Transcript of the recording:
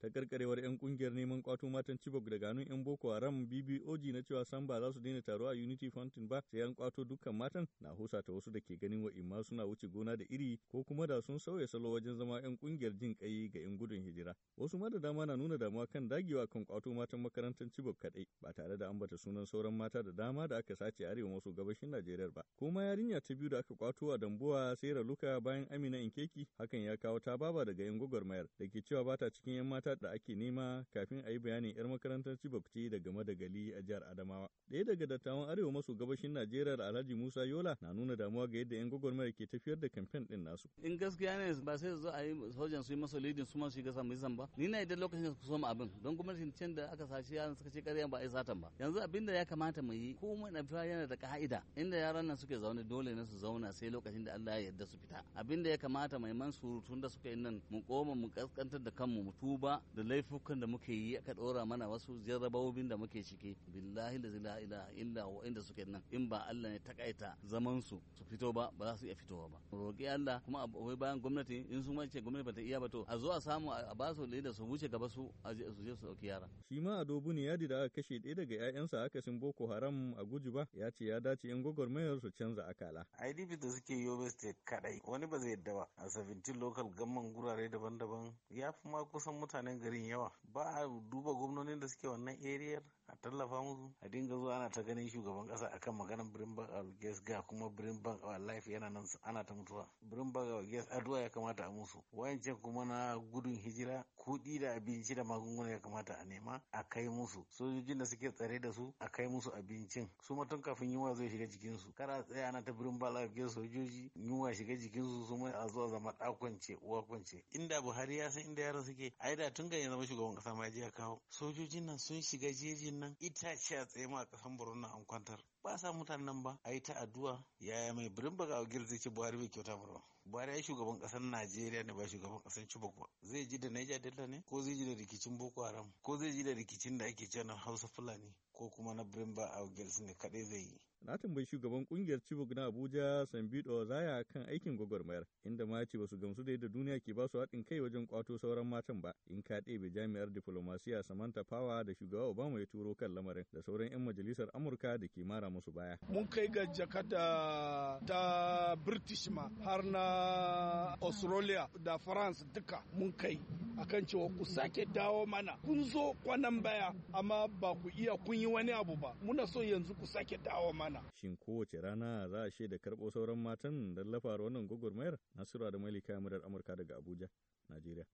ta karkarewar 'yan kungiyar neman kwato matan Chibok daga hannun 'yan Boko Haram BBOG na cewa san ba za su daina taro a Unity Fountain ba sai yan kwato dukkan matan na husa ta wasu da ke ganin wa imma suna wuce gona da iri ko kuma da sun sauya salo wajen zama 'yan kungiyar jin kai ga 'yan gudun hijira. Wasu ma da dama na nuna damuwa kan dagewa kan kwato matan makarantar Chibok kaɗai ba tare da ambata sunan sauran mata da dama da aka sace arewa maso gabashin Najeriya ba. Kuma yarinya ta biyu da aka kwato a Dambuwa sai Luka bayan Amina Inkeki hakan ya kawo ta baba daga 'yan gwagwarmayar da ke cewa ba ta cikin 'yan mata lokuta da ake nema kafin a yi bayanin 'yar makarantar da ce da gali a jihar Adamawa. Ɗaya daga dattawan Arewa maso gabashin Najeriya da Alhaji Musa Yola na nuna damuwa ga yadda 'yan gwagwarmaya ke tafiyar da kamfen ɗin nasu. In gaskiya ne ba sai zo a yi sojan su yi masa lidin su masu shiga samu zan ba. Ni na idan lokacin da su soma abin don gwamnatin can da aka sashi yaran suka ce ƙarya ba a yi satan ba. Yanzu abin da ya kamata mu yi ko mu na fita yana da ka'ida inda yaran nan suke zaune dole ne su zauna sai lokacin da Allah ya yarda su fita. Abin da ya kamata mai man surutun da suka yi nan mu koma mu kaskantar da kanmu mu tuba da laifukan da muke yi aka ɗora mana wasu jarrabawobin da muke ciki billahi da zila ila illa wa inda suke nan in ba Allah ne takaita zaman su su fito ba ba za su iya fitowa ba roƙi Allah kuma akwai bayan gwamnati in sun wace gwamnati ba ta iya ba to a zo a samu a ba su da su wuce gaba su a su je su ɗauki yara. shi ma adobu ne yadi da aka kashe ɗaya daga aka sin boko haram a guji ba ya ce ya dace 'yan gwagwarmayar su canza akala. idp da suke yobe state kadai wani ba zai yadda ba a 17 local gamman gurare daban-daban ya fi ma kusan mutane wannan garin yawa ba a duba gwamnonin da suke wannan eriyar a tallafa musu a dinga zuwa ana ta ganin shugaban kasa akan maganar Birnbach a Ges ga kuma Birnbach a Life yana nan ana ta mutuwa Birnbach a Ges addu'a ya kamata a musu wayancin kuma na gudun hijira kudi da abinci da magunguna ya kamata a nema a kai musu sojojin da suke tsare da su a kai musu abincin su ma tun kafin yunwa zai shiga jikin su kara tsaya ana ta Birnbach a Ges sojoji yunwa shiga jikin su su a zuwa zama dakwance uwa kwance inda Buhari ya san inda yara suke ai da tun ga zama shugaban kasa ma ya kawo sojojin nan sun shiga jejin nan itace a tsaye ma kasan borno an kwantar ba sa mutanen nan ba a yi ta addu'a yaya mai birin baga a girzi ce buhari bai kyauta ba buhari ya shugaban kasar najeriya ne ba shugaban kasar chibok ba zai ji da naija delta ne ko zai ji da rikicin boko haram ko zai ji da rikicin da ake cewa hausa fulani ko kuma na birin ba a girzi ne kadai zai yi na tambayi shugaban kungiyar chibok na abuja sambido zaya kan aikin gwagwarmayar inda ma ce ba su gamsu da yadda duniya ke ba su haɗin kai wajen kwato sauran matan ba in ka ɗebe jami'ar Diplomasiya, Samantha Power da shugaba Obama ya turo kan lamarin da sauran 'yan majalisar Amurka da ke mara musu baya. Mun kai ga jakada ta British ma har na Australia da France duka mun kai akan cewa ku sake dawo mana kun zo kwanan baya amma ba ku iya kun yi wani abu ba muna so yanzu ku sake dawo mana shin kowace rana za a shaida karɓo sauran matan don lafa wannan gwagwarmayar nasiru da malika murar amurka daga abuja najeriya